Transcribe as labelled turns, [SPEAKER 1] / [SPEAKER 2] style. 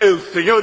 [SPEAKER 1] el señor